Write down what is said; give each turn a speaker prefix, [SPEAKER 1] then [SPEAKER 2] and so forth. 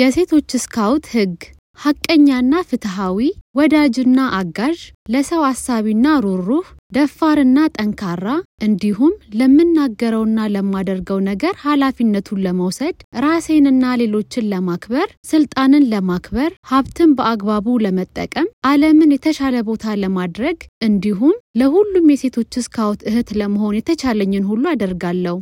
[SPEAKER 1] የሴቶች ስካውት ህግ ሐቀኛና ፍትሃዊ፣ ወዳጅና አጋዥ፣ ለሰው አሳቢና ሩሩህ ደፋርና ጠንካራ እንዲሁም ለምናገረውና ለማደርገው ነገር ኃላፊነቱን ለመውሰድ ራሴንና ሌሎችን ለማክበር፣ ስልጣንን ለማክበር፣ ሀብትን በአግባቡ ለመጠቀም፣ ዓለምን የተሻለ ቦታ ለማድረግ እንዲሁም ለሁሉም የሴቶች ስካውት እህት ለመሆን የተቻለኝን ሁሉ
[SPEAKER 2] አደርጋለሁ።